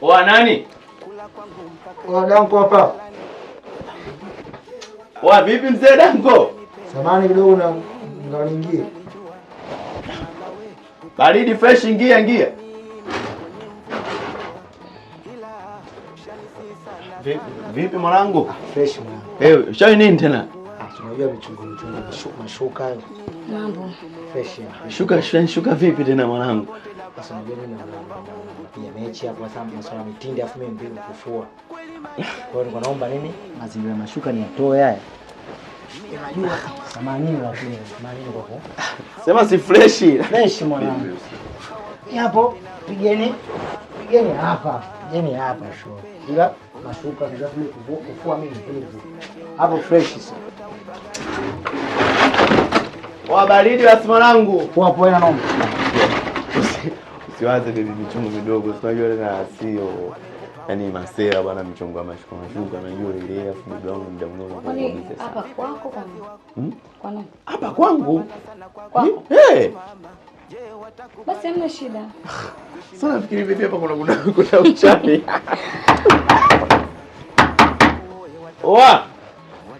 Wa nani? Wa danko hapa. Wa vipi mzee danko? Samani kidogo na ngalingie. Baridi fresh ingia ingia. Vipi, mwanangu? Ah, fresh mwanangu. Hey, eh, ushawi nini tena? Ah, tunajua michungu michungu mashuka. Mambo. Shuka shuka vipi tena mwanangu? Sasa mechi hapo sasa masuala afu mimi mbili kufua. Kwa hiyo naomba nini? Mazingira mashuka ni haya. Sema si fresh. Fresh mwanangu. Hapo pigeni. Pigeni hapa. Pigeni hapa mashuka ndio kufua mimi mbili. Hapo fresh sasa wabaridi wa simu langu poa poa, ina noma. Usiwaze ni michongo midogo, unajua tena sio yani masera bwana, michongo ya mashuka mashuka, unajua ile afu bibi wangu muda mnono kwa hiyo Hapa kwako kwa nini? Hmm? Kwa nini? Hapa kwangu. Kwako. Eh. Basi hamna shida. Sasa nafikiri vipi hapa kuna kuna kuna uchawi. Oa.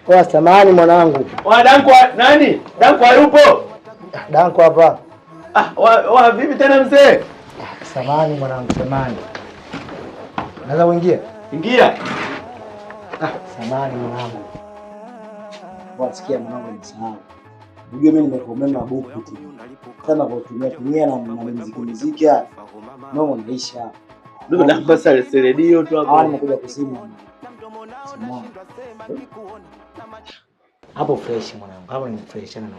Poa, samahani mwanangu. Wa Danko nani? Danko hayupo? Ah, Danko hapa. Ah, wa, wa vipi tena mzee? Ah, samahani mwanangu, samahani. Naweza kuingia? Ingia. Ah, samahani mwanangu. Wasikia mwanangu ni nisamahani. Unajua mimi nimekomea buku tu. Sana kwa kutumia tumia na muziki muziki. Ndio naisha. Ndio na sare sare tu hapo. Ah, nimekuja kusimu. Samahani. Hapo fresh mwanangu. Hapo ni fresh sana na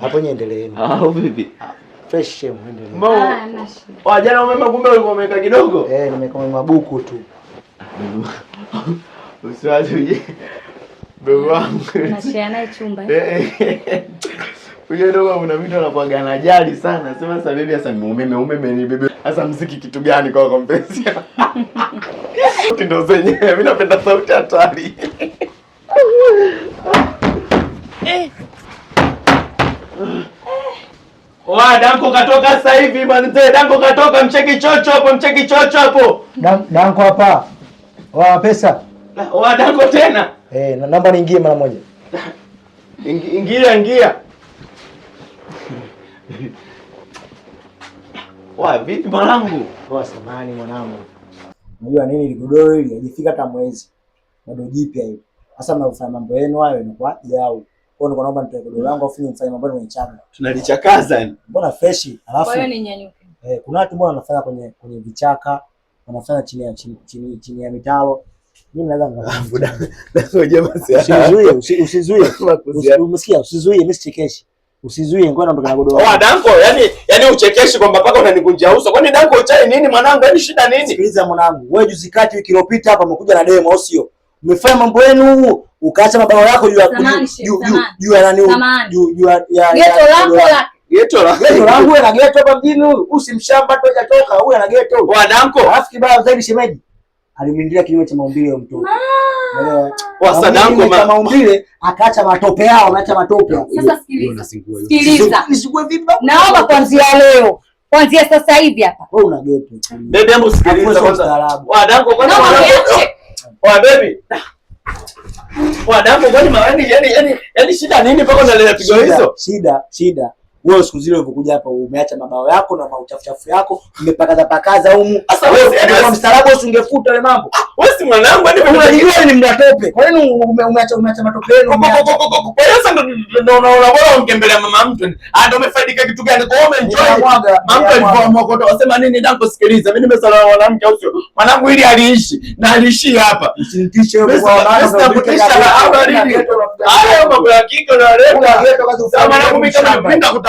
hapo niendelee. Ah, vipi? Ah, fresh muendelee. Mbona? Ah, jana umema kumbe ulikuwa umeka kidogo? Eh, nimeka mabuku tu. Usiwaje uje. Mdogo wangu. Nashia naye chumba. Eh, eh. Huyo dogo una vitu na anajali sana. Sema sasa bibi sasa umeme umeme ni bibi. Sasa mziki kitu gani kwa kompensi? Ndio zenyewe mimi napenda sauti hatari. Eh. Oa, danko katoka sasa hivi manze, danko katoka, mcheki chocho hapo, mcheki chocho hapo. danko hapa. Oa pesa. Oa danko tena. Eh, na namba niingie mara moja. Ingia, ingia. Oa vipi mwanangu? Oa samani mwanangu. Unajua nini ligodoro hili hajifika hata mwezi. Bado jipya hivi. Sasa mnafanya mambo yenu hayo inakuwa jau. Kwa hiyo naomba nitoe godoro langu afu nimfanye mambo yangu nichana. Tunalichakaza yani. Mbona fresh? Alafu Kwa hiyo ni nyanyuke. Eh, kuna watu mbona wanafanya kwenye kwenye vichaka, wanafanya chini ya chini chini, chini ya mitaro. Mimi naweza ngavuda. Ndio jamaa si. Usizuie, usizuie. Umesikia? Usizuie mimi sichekeshi. Usizuie ngoja naondoka na godoro. Oh, Danko, yani yani uchekeshi kwamba mpaka unanikunja uso. Kwani Danko uchai nini mwanangu? Yani shida nini? Sikiliza mwanangu, wewe juzi kati wiki iliyopita hapa umekuja na demo au sio? Umefanya mambo yenu ukaacha mabao yako juu ya nani? Geto langu ana geto hapa mjini huyu, usimshamba tu hajatoka huyu ana geto wanangu. Alafu kibaya zaidi, shemeji alimwingilia kinyume cha maumbile ya mtoto cha maumbile, akaacha matope yao, anaacha matope. Sasa sikiliza, naomba kuanzia leo kuanzia sasa hivi hapa wewe una geto. Bebe hebu sikiliza kwanza, wanangu, kwanza wewe bebi Wanadamu kwani, yaani yaani yaani, shida nini mpaka unaleta pigo hizo? Shida shida wewe siku zile ulivyokuja hapa umeacha mabao yako na mauchafuchafu yako umepakaza pakaza humu. Sasa wewe kama mstaarabu usingefuta ile mambo. Ah, wewe si mwanangu, hadi unajua ni mdatope. Kwa nini umeacha umeacha matope yenu? Kwa hiyo sasa ndio unaona bora ungembelea mama mtu. Ah, ndio umefaidika kitu gani? Kwa hiyo umeenjoy. Mama mtu alikuwa sababu wasema nini ndio kusikiliza. Mimi nimesala mwanamke au sio? Mwanangu ili aliishi na aliishi hapa. Usinitishe wewe kwa maana sasa kutisha na habari. Hayo mambo ya kike na leo. Mwanangu mimi kama kutafuta